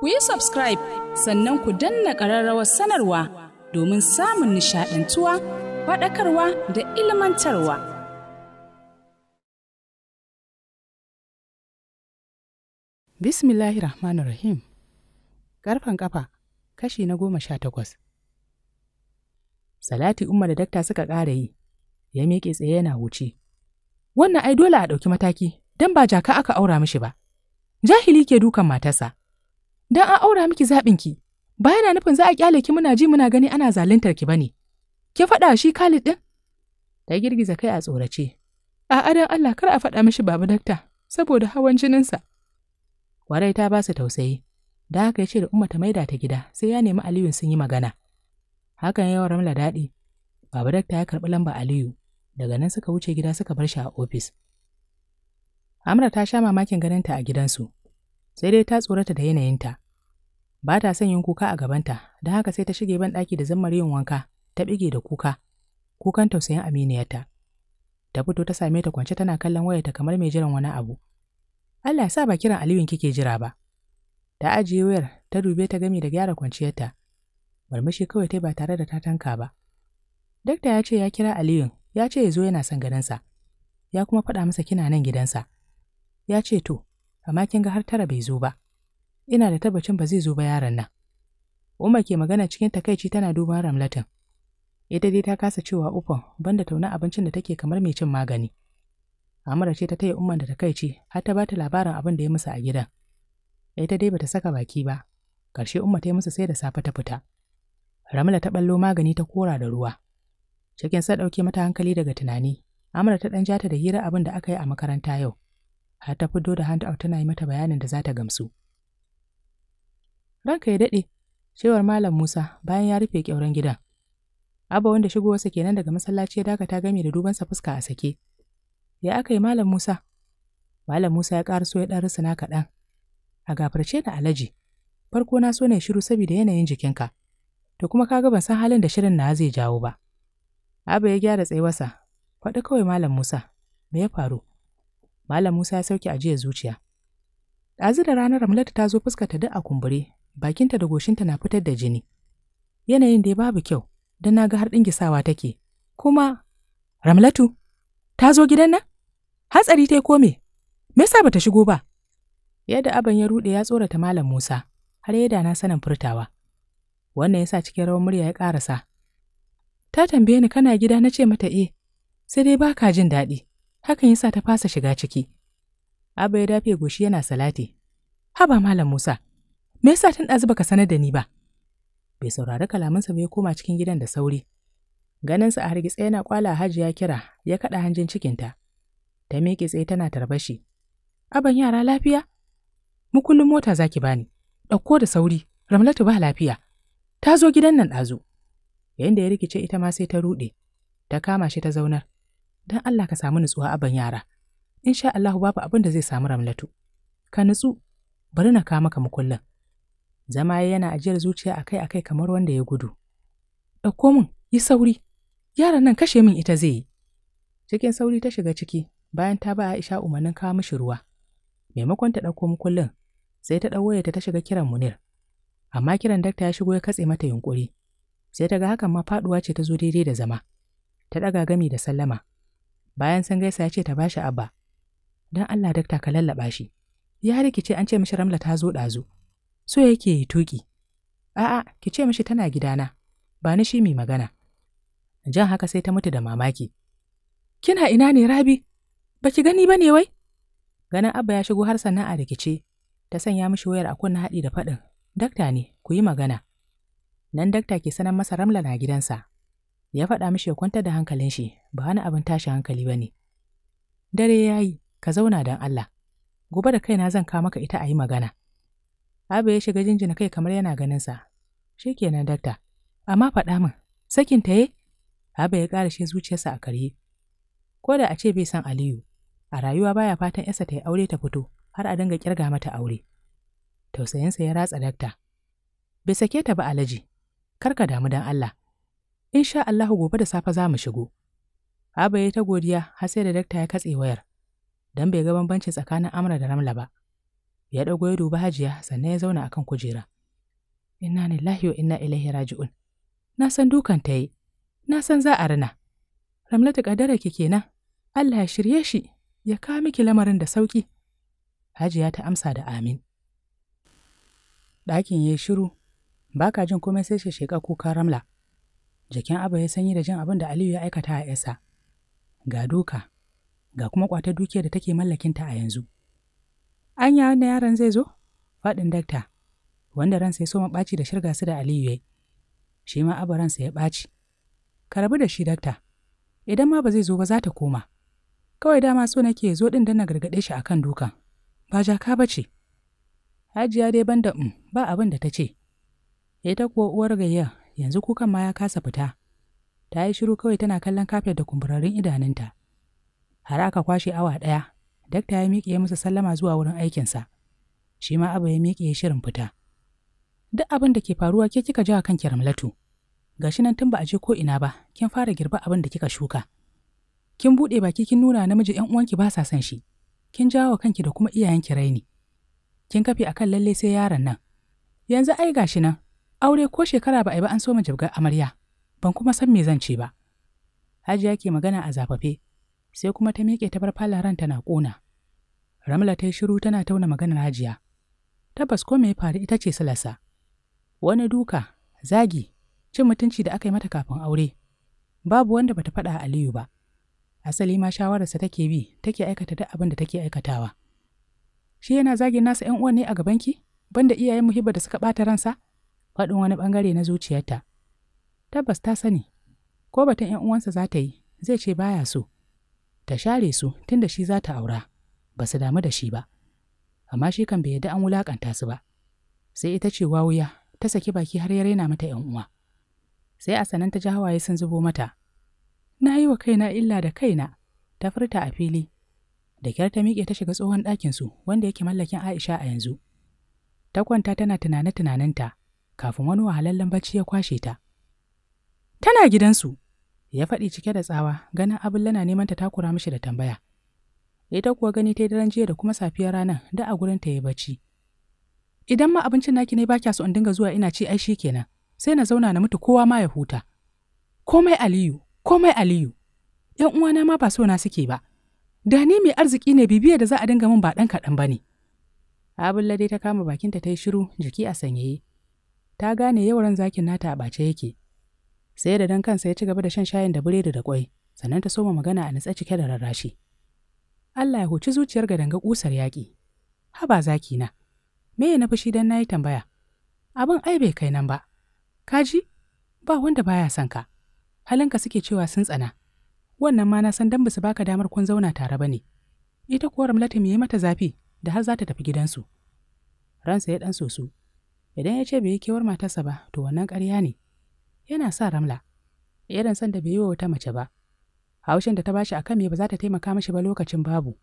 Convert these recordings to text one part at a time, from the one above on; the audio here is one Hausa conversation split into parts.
ku yi subscribe sannan ku danna ƙararrawar sanarwa domin samun nishaɗantuwa faɗakarwa da ilmantarwa. Bismillahir Rahmanir Rahim Ƙarfen ƙafa kashi na goma sha takwas. Salati umar da dakta suka ƙara yi, ya miƙe tsaye yana wuce. Wannan ai dole a ɗauki mataki, don ba jaka aka aura mishi ba. Jahili ke dukan matarsa. Dan an aura miki zaɓin ki, ba yana nufin za a kyale ki muna ji muna gani ana zaluntar ki bane. Ki faɗa shi Khalid din? Ta girgiza kai a tsorace. A adan Allah kar a faɗa mishi Babu dakta saboda hawan jinin sa Warai ta ba su tausayi. Da haka ya ce da Umma ta maida ta gida sai ya nemi Aliyu sun yi magana. Hakan ya ramla daɗi. Babu dakta ya karɓi lamba Aliyu. Daga nan suka wuce gida suka bar shi a ofis. Amra ta sha mamakin ganinta a gidansu. Sai dai ta tsorata da yanayinta. ba ta son yin kuka a gabanta, don haka sai ta shige ban ɗaki da zammar yin wanka, ta bige da kuka, kukan tausayin aminiyarta. Ta fito ta same ta kwance tana kallon wayarta kamar mai jiran wani abu. Allah ya sa ba kiran Aliyun kike jira ba. Ta ajiye wayar, ta dube ta gami da gyara kwanciyarta. Murmushi kawai ta ba tare da ta tanka ba. Dakta ya ce ya kira Aliyun, ya ce ya zo yana son ganinsa. Ya kuma faɗa masa kina nan gidansa. Ya ce to, amma kin ga har tara bai zo ba. ina da tabbacin ba zai zo ba yaron nan. Umma ke magana cikin takaici tana duban Ramlatin. Ita dai ta kasa cewa ufan banda tauna abincin da take kamar mai cin magani. Amara ce ta taya umman da takaici har ta bata labarin abin da ya musu a gidan. Ita dai bata saka baki ba. Karshe umma ta yi musu sai da safe ta fita. Ramla ta ɓallo magani ta kora da ruwa. Cikin sa ɗauke mata hankali daga tunani, Amara ta ɗan jata da hira abin da aka yi a makaranta yau. Har ta fito da hand out tana yi mata bayanin da za ta gamsu. Ranka ya daɗe, cewar Malam Musa bayan ya rufe ƙyauren gidan. Abba wanda shigowarsa kenan daga masallaci ya dakata gami da dubansa fuska a sake. Ya aka yi Malam Musa? Malam Musa ya ƙaraso ya ɗan rusuna kaɗan. A gafarce da alaji, farko na so na shiru saboda yanayin jikinka, to kuma kaga ban san halin da shirin na zai jawo ba. Abba ya gyara tsayuwarsa, faɗi kawai Malam Musa, me ya faru? Malam Musa ya sauke ajiyar zuciya. Ɗazu da ranar Ramlatu ta zo fuskarta duk a kumbure, bakinta da goshinta na fitar da jini. Yanayin dai babu kyau, don na ga har ɗingisawa take, kuma Ramlatu, ta zo gidan nan? Hatsari ta kome. me? Me yasa bata shigo ba? Yadda aban ya ruɗe ya tsorata Malam Musa, har ya na sanin furtawa. Wannan yasa cikin rawar murya ya ƙarasa. Ta tambaye ni kana gida na ce mata eh, sai dai baka jin daɗi, hakan yasa ta fasa shiga ciki. Aba ya dafe goshi yana salati. Haba Malam Musa, Me yasa tun ɗazu ka sanar da ni ba? Bai saurari kalamansa ba ya koma cikin gidan da sauri. Ganinsa a hargitse yana kwala hajiya kira ya kaɗa hanjin cikinta. Ta miƙe tsaye tana tarbashi. Aban yara lafiya? Mu kullum mota zaki bani. Ɗauko da sauri, Ramlatu ba lafiya. Ta zo gidan nan ɗazu. Yayin da ya rikice ita ma sai ta ruɗe. Ta kama shi ta zaunar. dan Allah ka samu nutsuwa aban yara. In sha Allah babu abin da zai samu Ramlatu. Ka nutsu, bari na kama ka mukullin. Zama yana ajiyar zuciya akai-akai kamar wanda ya gudu. Ɗauko min, yi sauri, yaran nan kashe min ita zai yi. Cikin sauri ta shiga ciki bayan ta ba Aisha umarnin kawo mishi ruwa. Maimakon ta ɗauko mukullin, sai ta ɗau wayarta ta shiga kiran Munir. Amma kiran dakta ya shigo ya katse mata yunƙuri. Sai ta hakan ma faɗuwa ce ta zo daidai da zama. Ta ɗaga gami da sallama. Bayan sun gaisa ya ce ta bashi abba. Don Allah dakta ka lallaɓa shi. Ya rikice an ce mishi Ramla ta zo ɗazu. so yake yi tuƙi. A'a, ki ce mishi tana gidana, ba ni shi mai magana. Jan haka sai ta mutu da mamaki. Kina ina ne Rabi? Ba ki gani ba ne wai? Ganin Abba ya shigo har sana'a da kice, ta sanya mishi wayar a kunna haɗi da faɗin. Dakta ne, ku yi magana. Nan dakta ke sanar masa Ramla na gidansa. Ya faɗa mishi ya kwantar da hankalin shi, ba wani abin tashi hankali ba ne. Dare ya yi, ka zauna don Allah. Gobe da kaina zan kawo maka ita a yi magana. Abba ya shiga jinjina kai kamar yana ganinsa. Shi kenan dakta, amma faɗa min, sakin ta ye? Abu ya ƙara shi zuciyarsa a karye. Ko da a ce bai san Aliyu, a rayuwa baya fatan yasa ta yi aure ta fito har a dinga kirga mata aure. Tausayinsa ya ratsa dakta. Bai sake ta ba alaji, kar ka damu don Allah. In sha Allahu gobe da safe za mu shigo. Abba ya ta godiya har sai da dakta ya katse wayar, Dan bai ga bambanci tsakanin Amra da Ramla ba. ya ɗago ya duba hajiya sannan ya zauna akan kujera. Inna lillahi wa inna ilaihi raji'un. Na san dukan ta yi, na san za a rina. Ramlatu kadara ki kenan, Allah ya shirye shi, ya kawo miki lamarin da sauki. Hajiya ta amsa da amin. Ɗakin ya yi shiru, ba ka jin komai sai shi sheƙa kuka ramla. Jikin abu ya sanyi da jin abin da Aliyu ya aikata a yasa Ga duka, ga kuma ƙwatar dukiyar da take mallakinta a yanzu. Anya wannan yaron zai zo? Faɗin dakta, wanda ransa ya so ɓaci da shirga su da Aliyu ya yi. Shi ma abu ransa ya ɓaci. Ka rabu da shi dakta, idan ma ba zai zo ba za ta koma. Kawai dama so nake zo ɗin don na gargaɗe shi akan dukan. Ba jaka ba ce. Hajiya dai ban da mm, ba abin da ta ce. Ita kuwa uwar gayya yanzu kukan ma ya kasa fita. Ta yi shiru kawai tana kallon kafet da kumburarrun idanunta. Har aka kwashe awa ɗaya dakta ya miƙe masa sallama zuwa wurin aikinsa shi ma abu ya miƙe shirin fita duk abin da ke faruwa ke kika ji a kan ramlatu gashi nan tun ba a je ko ina ba kin fara girba abin da kika shuka kin buɗe baki kin nuna namiji ƴan uwanki ba sa son shi kin jawo kanki da kuma iyayenki raini kin kafe akan lalle sai yaron nan yanzu ai gashi nan aure ko shekara ba a yi ba an so mu jibgar amarya ban kuma san me zan ce ba hajiya ke magana a zafafe sai kuma ta miƙe ta bar falaran tana ƙona. Ramla ta yi shiru tana tauna maganar hajiya. Tabbas ko mai faru ita ce salasa. Wani duka, zagi, cin mutunci da aka yi mata kafin aure. Babu wanda bata faɗa Aliyu ba. Asali ma shawararsa take bi, take aikata duk abin da take aikatawa. Shi yana zagin nasa ‘yan uwan ne a gaban ki? banda iyayen muhibba da suka ɓata ransa? Faɗin wani ɓangare na zuciyarta. Tabbas ta sani, ko batun ‘yan uwansa za ta yi, zai ce baya so. ta share su tun da shi za ta aura ba su damu da shi ba amma shi kan bai yadda an wulakanta su ba sai ita ce wawuya ta saki baki har ya raina mata ‘yan uwa sai a sanan ta ji hawaye sun zubo mata na yi wa kaina illa da kaina ta furta a fili da kyar ta miƙe ta shiga tsohon ɗakin su wanda yake mallakin Aisha a yanzu. Ta kwanta tana tunane tunaninta kafin wani wahalallen bacci ya kwashe ta. Tana gidansu, ya faɗi cike da tsawa ganin abin lana neman ta takura mishi da tambaya ita kuwa gani ta daren jiya da kuma safiyar ranar da a gurin ta yi bacci idan ma abincin naki ne baki so in dinga zuwa ina ci ai shi kenan sai na zauna na mutu kowa ma ya huta komai aliyu komai aliyu yan uwana ma ba so na suke ba da ni mai arziki ne bibiya da za a dinga min ba ɗan kaɗan ba ne abulla dai ta kama bakinta ta yi shiru jiki a sanyaye ta gane yawan zakin nata a ɓace yake sai da dan kansa ya ci gaba da shan shayin da biredi da kwai sannan ta soma magana a natsa cike da rarrashi Allah ya huci zuciyar ga danga kusar yaƙi haba zaki na me ya na fushi dan nayi tambaya abin ai bai kai nan ba kaji ba wanda baya son ka halinka suke cewa sun tsana wannan ma na san dan basu baka damar kun zauna tare bane ita kuwa ya me mata zafi da har za ta tafi gidansu ransa ya dan soso idan ya ce bai yi kewar matarsa ba to wannan ƙarya ne yana sa ramla irin sanda da bai yi wa wata mace ba haushin da ta bashi akan me ba za ta taimaka mashi ba lokacin babu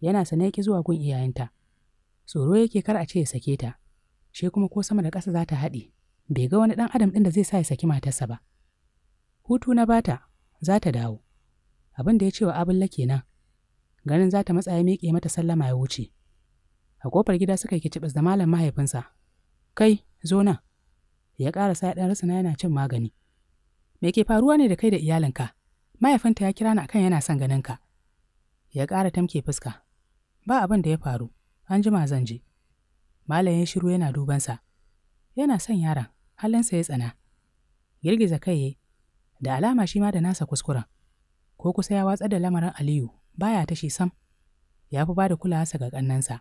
yana sane ki zuwa gun iyayenta tsoro yake kar a ce ya sake ta shi kuma ko sama da ƙasa za ta haɗe bai ga wani ɗan adam ɗin da zai sa ya saki matarsa ba hutu na bata za ta dawo abin da ya ce wa abulla kenan ganin za ta matsa ya miƙe mata sallama ya wuce a ƙofar gida suka yi kicibis da malam mahaifinsa kai zo nan ya ƙarasa ya ɗan rasana yana cin magani. Me ke faruwa ne da kai da iyalinka? Mahaifinta ya kira ni akan yana son ganin ka. Ya ƙara tamke fuska. Ba abin da ya faru, an jima zan je. Malam ya shiru yana dubansa. Yana son yaron, halinsa ya tsana. Girgiza kai da alama shi ma da nasa kuskuren. Ko kusa ya watsar da lamarin Aliyu, baya tashi sam. Ya fi ba da sa ga ƙannansa.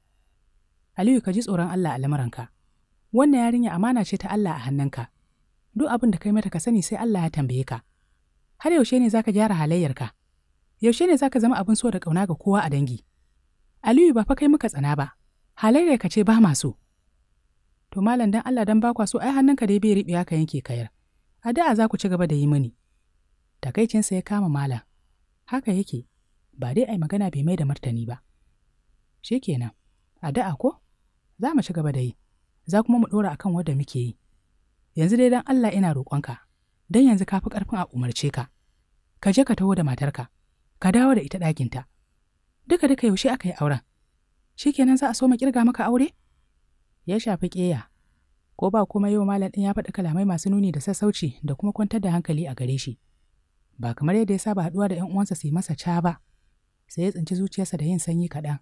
Aliyu ka ji tsoron Allah a lamuranka. wannan yarinya amana ce ta Allah a hannunka duk abin da kai mata ka sani sai Allah ya tambaye ka har yaushe ne zaka gyara halayyarka yaushe ne zaka zama abin so da kauna ga kowa a dangi Aliyu ba fa kai muka tsana ba halayyar ka ce ba ma so to malam dan Allah dan bakwa so ai hannunka dai bai riɓe ka yanke kayar a da'a za ku ci gaba da yi mini takaicinsa ya kama malam haka yake ba dai ai magana bai mai da martani ba shikenan a da'a ko za mu ci gaba da yi za kuma mu ɗora akan wadda muke yi. Yanzu dai dan Allah ina roƙonka, dan yanzu ka fi ƙarfin a umarce ka. Ka je ka taho da matarka, ka dawo da ita ɗakinta. Duka duka yaushe aka yi auren. shi kenan za a so mu kirga maka aure? Ya shafi ƙeya. Ko ba komai yau malam ɗin ya faɗi kalamai masu nuni da sassauci da kuma kwantar da hankali a gare shi. Ba kamar yadda ya saba haɗuwa da 'yan uwansa su yi masa ca ba, sai ya tsinci zuciyarsa da yin sanyi kaɗan.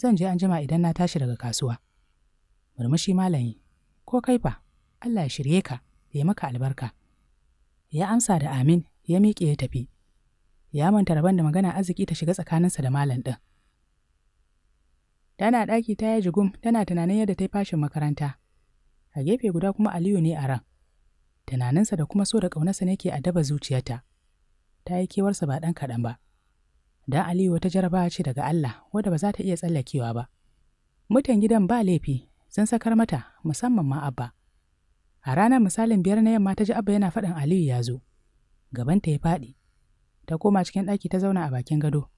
Zan je an jima idan na tashi daga kasuwa. murmushi malami ko kai fa Allah ya shirye ka ya maka albarka ya amsa da amin ya miƙe ya tafi ya manta rabon da magana arziki ta shiga tsakaninsa da malam ɗin tana ɗaki ta yaji gum tana tunanin yadda ta yi fashin makaranta a gefe guda kuma aliyu ne a ran tunaninsa da kuma so da ƙaunarsa ne ke daba zuciyarta ta yi kewarsa ba ɗan kaɗan ba dan aliyu wata jarabawa ce daga allah wadda ba za ta iya tsallakewa ba mutan gidan ba laifi sun sakar mata musamman ma abba a ranar misalin biyar na yamma ta ji abba yana faɗin aliyu ya zo gabanta ya faɗi ta koma cikin ɗaki ta zauna a bakin gado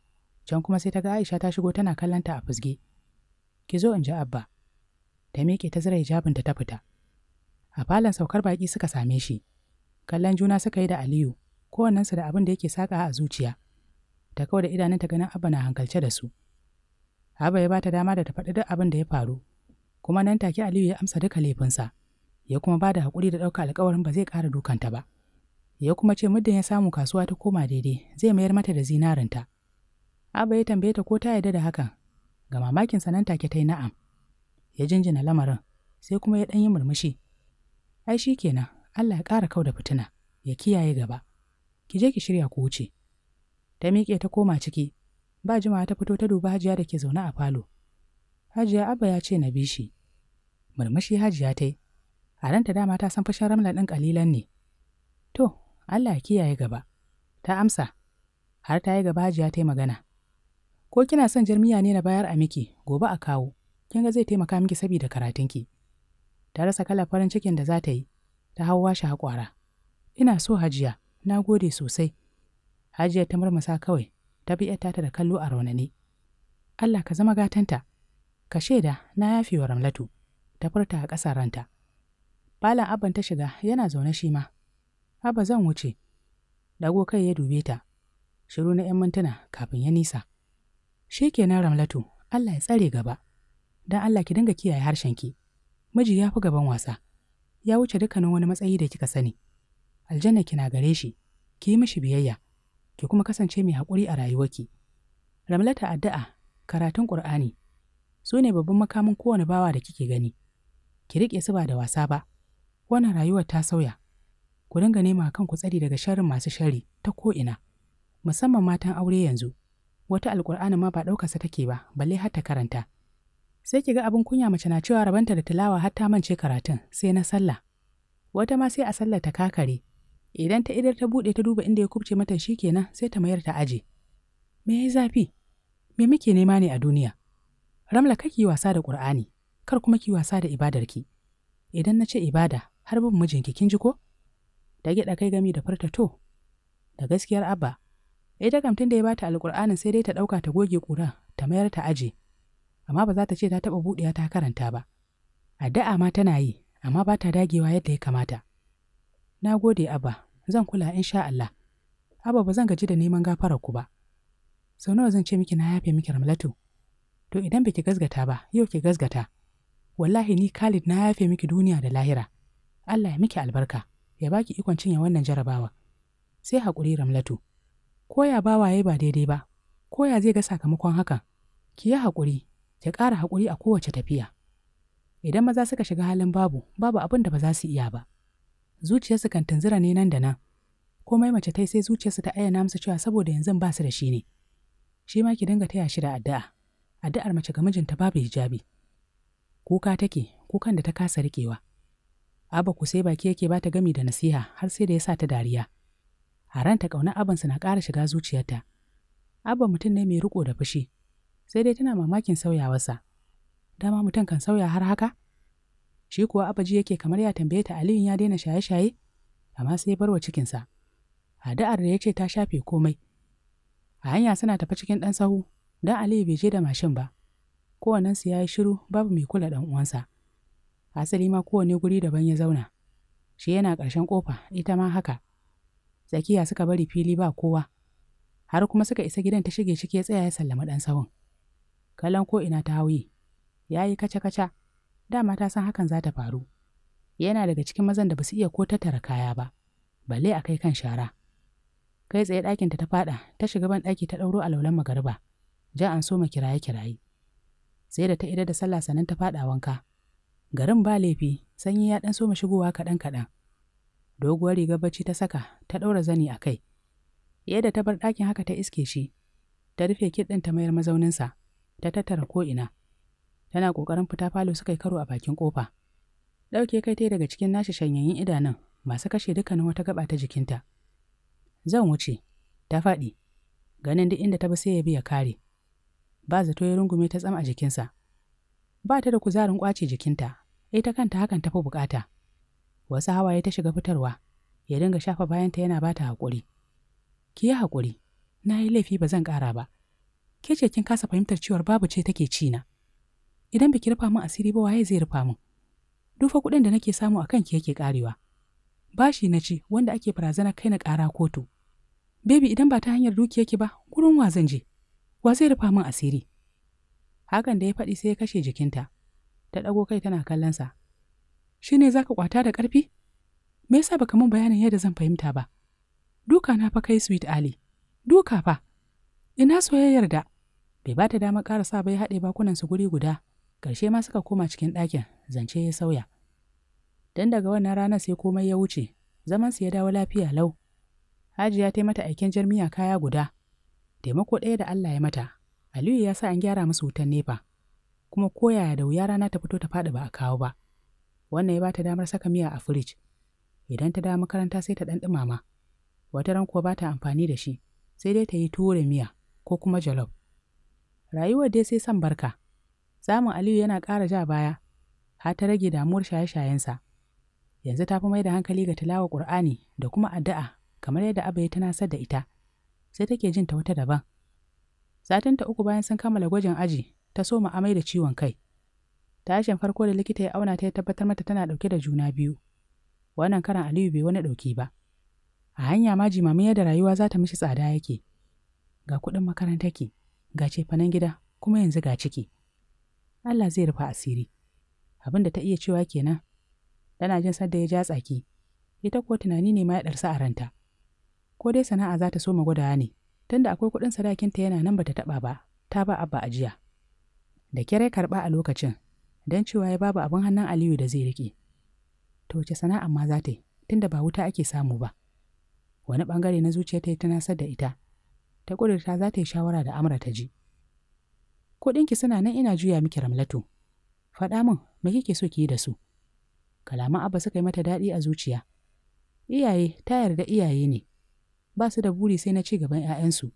can kuma sai ta ga aisha ta shigo tana kallonta a fusge ki zo in ji abba ta miƙe ta zira hijabinta ta fita a falon saukar baƙi suka same shi kallon juna suka yi da aliyu kowannensu da abin da yake saƙa a zuciya ta kawai da idanunta ganin abba na hankalce da su abba ya ba ta dama da ta faɗi duk abin da ya faru kuma nan take Aliyu ya amsa duka laifinsa, ya kuma ba da haƙuri da ɗauka alƙawarin ba zai ƙara dukanta ba. Ya kuma ce muddin ya samu kasuwa ta koma daidai zai mayar mata da zinarinta. Abba ya tambaye ta ko ta yarda da hakan, ga mamakinsa nan take ta yi na'am. Ya jinjina lamarin, sai kuma ya ɗan yi murmushi. Ai shi kenan, Allah ya ƙara kau da fitina, ya kiyaye gaba. Ki je ki shirya ku wuce. Ta miƙe ta koma ciki, ba jimawa ta fito ta duba hajiya da ke zaune a falo. Hajiya Abba ya ce na bi shi, murmushi hajiya ta yi a ranta dama ta san fushin ramla ɗin ƙalilan ne to allah ya kiyaye gaba ta amsa har ta yi gaba hajiya ta yi magana ko kina son jarmiya ne na bayar a miki gobe a kawo kin ga zai taimaka miki saboda karatunki ta rasa kala farin cikin da za ta yi ta hau washi haƙwara ina so hajiya na gode sosai hajiya ta murmusa kawai ta bi ta da kallo a raunane Allah ka zama gatanta ka shaida na yafe wa Ramlatu ta furta a ƙasa ranta. Falon abban ta shiga yana zaune shi ma. Abba zan wuce. Dago kai ya dube ta. Shiru na ‘yan mintuna kafin ya nisa. Shi kenan Ramlatu, Allah ya tsare gaba. Don Allah ki dinga kiyaye harshenki. Miji ya fi gaban wasa. Ya wuce dukkanin wani matsayi da kika sani. Aljanna kina gare shi. Ki yi mishi biyayya. Ki kuma kasance mai haƙuri a rayuwarki. Ramlata addu'a, karatun Ƙur'ani, su ne babban makamin kowane bawa da kike gani. ki riƙe su ba da wasa ba wannan rayuwar ta sauya ku dinga nema kan ku tsari daga sharrin masu shari ta ko'ina musamman matan aure yanzu wata alƙur'ani ma ba ɗaukarsa take ba balle har ta karanta sai ki ga abin kunya mace na cewa rabanta da tilawa har ta mance karatun sai na sallah wata ma sai a sallar ta kakare idan ta idar ta buɗe ta duba inda ya kubce mata shi kenan, sai ta mayar ta aje me yayi zafi me muke nema ne a duniya ramla kake wasa da qur'ani kar kuma ki wasa da ibadarki. Idan na ce ibada, har bin mijinki kin ji ko? Da gyaɗa kai gami da furta to, da gaskiyar abba, ita kam da ya bata alƙur'anin sai dai ta ɗauka ta goge ƙura ta mayar ta aje, amma ba za ta ce ta taɓa buɗewa ta karanta ba. Addu'a ma tana yi, amma ba ta dagewa yadda ya kamata. Na gode abba, zan kula in sha Allah. Abba ba zan gaji da neman gafarar ku ba. Sau nawa zan ce miki na yafe miki ramlatu? To idan baki gasgata ba, yau ki gasgata. wallahi ni Khalid na yafe miki duniya da lahira Allah ya miki albarka ya baki ikon cinye wannan jarabawa sai haƙuri ramlatu ko ya bawa waye ba daidai ba ko ya zai ga sakamakon haka ki yi haƙuri ki ƙara haƙuri a kowace tafiya idan maza suka shiga halin babu babu abin da ba za su iya ba zuciyarsu kan tunzura ne nan da nan komai mace tai sai zuciyarsu ta ayyana musu cewa saboda yanzu ba su da shi ne shi ma ki dinga taya shi da addu'a addu'ar mace ga mijinta babu hijabi kuka take kukan da ta kasa rikewa abba ku sai baki yake ba ta gami da nasiha har sai da ya sa ta dariya haranta ranta ƙauna abansa na ƙara shiga zuciyarta abba mutum ne mai riƙo da fushi sai dai tana mamakin sauyawarsa dama mutum kan sauya har haka shi kuwa abaji yake kamar ya tambaye ta Aliyu ya daina shaye-shaye amma sai ya barwa cikinsa addu'ar da ya ce ta shafe komai a hanya suna tafi cikin ɗan sahu don aliyu bai je da mashin ba kowannensu ya yi shiru babu mai kula ɗan uwansa asali ma kowane guri daban ya zauna shi yana ƙarshen ƙofa ita ma haka tsakiya suka bari fili ba kowa har kuma suka isa gidan ta shige ciki ya tsaya ya sallama ɗan sahun kallon ko ina ta hauyi ya yi kaca-kaca dama ta san hakan za ta faru yana daga cikin mazan da ba su iya ko tattara kaya ba balle a kai kan shara kai tsaye ɗakinta ta faɗa ta shiga ban ɗaki ta ɗauro alaulan magariba ja an soma kiraye-kiraye sai da ta ida da sallah sannan ta faɗa wanka garin ba laifi sanyi ya ɗan soma shigowa kaɗan kaɗan doguwar rigar bacci ta saka ta ɗaura zani a kai yadda ta bar ɗakin haka ta iske shi ta rufe kiɗin ta mayar mazauninsa ta tattara ko'ina tana ƙoƙarin fita falo suka yi karo a bakin ƙofa ɗauke kai ta daga cikin nashi shanyayin idanun masu kashe dukkanin wata gaba ta jikinta zan wuce ta faɗi ganin duk inda ta bi sai ya biya kare ba zato ya rungume ta tsam a jikinsa. Ba ta da kuzarin kwace jikinta, ita kanta hakan tafi bukata. Wasu hawaye ta shiga fitarwa, ya dinga shafa bayanta yana ba ta haƙuri. Ki yi haƙuri, na yi laifi ba zan ƙara ba. Ke ce kin kasa fahimtar cewar babu ce take ci na. Idan biki rufa min asiri ba waye zai rufa min. Dufa kuɗin da nake samu a kanki yake karewa. Bashi na ci wanda ake barazana kai na ƙara kotu. Baby, idan ba ta hanyar duki yake ba, gurin wa zan je? Wa zai rufa min asiri? Hakan da ya faɗi sai ya kashe jikinta. Ta ɗago kai tana kallonsa. Shi ne zaka kwata da ƙarfi? Me yasa baka min bayanin yadda zan fahimta ba? Duka na fa kai sweet Ali. Duka fa. Ina soyayyar da. Bai bata ta ƙara ƙarasa bai haɗe su guri guda. Ƙarshe ma suka koma cikin ɗakin, zance ya sauya. don daga wannan ranar sai komai ya wuce zaman su ya dawo lafiya lau hajiya ta mata aikin jarmiya kaya guda Taimako ɗaya da Allah ya mata, Aliyu ya sa an gyara musu wutan nefa, kuma koyaya da wuya rana ta fito ta faɗi ba a kawo ba. Wannan ya ba ta damar saka miya a firij. Idan ta dawo makaranta sai ta ɗan ɗumama. Wata ran kuwa ba ta amfani da shi, sai dai ta yi tuwo da miya ko kuma jalof. Rayuwar dai sai son barka. Samun Aliyu yana ƙara ja baya, har ta rage damuwar shaye-shayensa. Yanzu ta fi mai da hankali ga tilawa Ƙur'ani da kuma addu'a kamar yadda Abba ya tunasar da ita. sai take jin ta wata daban. Satinta uku bayan sun kammala gwajin aji, ta so mu amai da ciwon kai. Tashin farko da likita ya auna ta ya tabbatar mata tana ɗauke da juna biyu. Wannan karan Aliyu bai wani ɗauki ba. A hanya ma jimamin da rayuwa za ta mishi tsada yake. Ga kuɗin makaranta ki, ga cefanen gida, kuma yanzu ga ciki. Allah zai rufa asiri. Abin da ta iya cewa kenan. Tana jin sadda ya ja tsaki. Ita kuwa tunani ne ma ya ɗarsa a ranta. ko dai sana'a za ta so gwadawa ne tunda akwai kuɗin sadakinta yana nan bata taɓa ba ta ba abba ajiya da kyare karɓa a lokacin don cewa ya babu abin hannun aliyu da zai riƙe to wace sana'a ma za ta yi tunda ba wuta ake samu ba wani ɓangare na zuciya ta yi tunasar da ita ta ƙudurta za ta yi shawara da amra ta ji kuɗinki suna nan ina juya miki ramlatu faɗa min me kike so ki yi da su kalaman abba suka yi mata daɗi a zuciya iyaye ta yarda iyaye ne ba su da buri sai na ci gaban 'ya'yansu.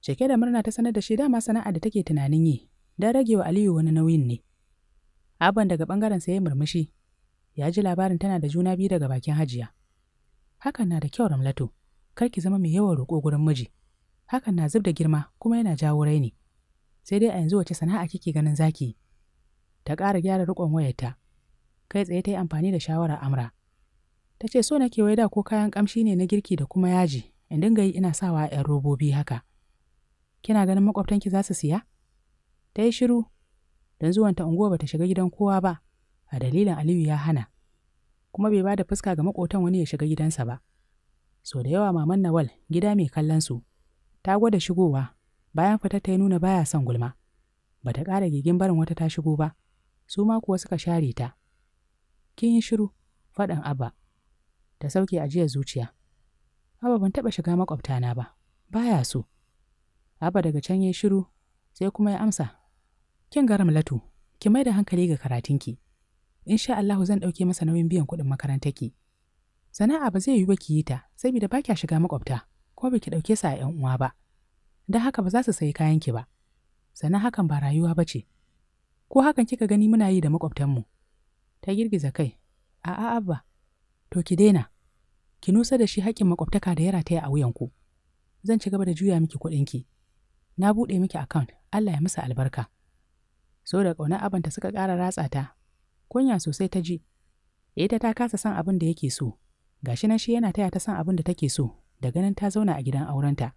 Cike da murna ta sanar da shi dama sana'a da take tunanin yi, don rage wa Aliyu wani nauyin ne. Aban daga bangaren sa ya murmushi, ya ji labarin tana da juna biyu daga bakin hajiya. Hakan na da kyau Ramlato, kar ki zama mai yawan roƙo gurin miji. Hakan na zub da girma kuma yana jawo raini. Sai dai a yanzu wace sana'a kike ganin zaki? Ta ƙara gyara riƙon wayarta. Kai tsaye ta yi amfani da shawarar Amra. ta ce so nake wai da ko kayan ƙamshi ne na girki da kuma yaji in dinga yi ina sawa a 'yan robobi haka kina ganin makwabtanki za su siya ta yi shiru don ta unguwa bata shiga gidan kowa ba a dalilin aliyu ya hana kuma bai ba da fuska ga makotan wani ya shiga gidansa ba so da yawa maman nawal gida mai kallon su ta gwada shigowa bayan fitar ta ya nuna baya son gulma bata ƙara gigin barin wata ta shigo ba su ma kuwa suka share ta kin yi shiru faɗin abba ta sauke ajiyar zuciya. Abba ban taɓa shiga na ba, baya so. Abba daga can ya shiru, sai kuma ya amsa. Kin gara Latu, ki mai da hankali ga karatunki. sha Allahu zan ɗauke masa nauyin biyan kuɗin makarantarki. Sana'a ba zai yi ba ki yi ta, saboda ba kya shiga makwabta, ko ba ki ɗauke sa a ‘yan uwa ba. Don haka ba za su sayi kayan ki ba. Sannan hakan ba rayuwa ba ce. Ko hakan kika gani muna yi da makwabtanmu? Ta girgiza kai, a'a abba, To ki daina, ki nusa da shi haƙƙin makwabtaka da ya rataya a wuyanku. Zan ci gaba da juya miki kuɗin ki. Na buɗe miki akaunt Allah ya masa albarka. So da ƙaunar abanta suka ƙara ratsa ta, kunya sosai ta ji. Ita ta kasa san abin da yake so, Ga shi nan shi yana taya ta son abin da take so, da ganin ta zauna a gidan aurenta.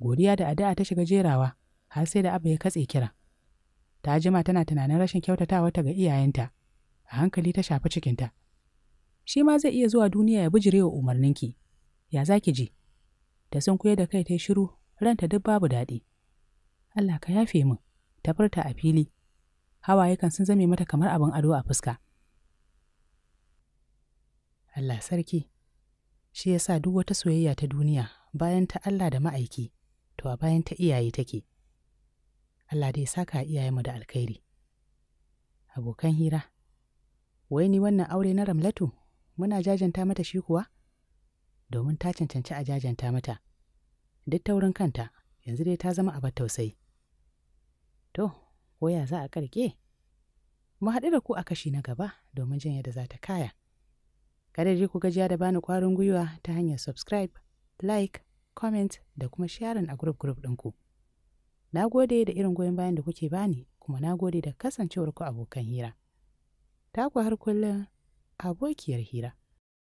Godiya da addu'a ta shiga jerawa, har sai da abu ya katse kira. Ta jima tana tunanin rashin kyautatawa ta ga iyayenta, a hankali ta shafi cikinta. shi ma zai iya zuwa duniya ya bijire wa umarninki. Ya za ki ji? Da sun kuya da kai ta shiru, ranta duk babu daɗi. Allah ka yafe min, ta furta a fili. Hawaye kan sun zame mata kamar abin ado a fuska. Allah sarki, shi ya sa duk wata soyayya ta duniya bayan ta Allah da ma'aiki, to a bayan ta iyaye take. Allah dai saka mu da alkhairi. Abokan hira, wai ni wannan aure na Ramlatu muna jajanta mata shi kuwa domin ta cancanci a jajanta mata duk taurin kanta yanzu dai ta zama abar tausayi to ko za a karke mu haɗu da ku a kashi na gaba domin jin yadda za ta kaya kada ji ku gajiya da bani ƙwarin gwiwa ta hanyar subscribe like comment da kuma sharing a group group ɗinku na gode da irin goyon bayan da kuke bani kuma na gode da kasancewarku abokan hira Ta taku har kullum abokiyar hira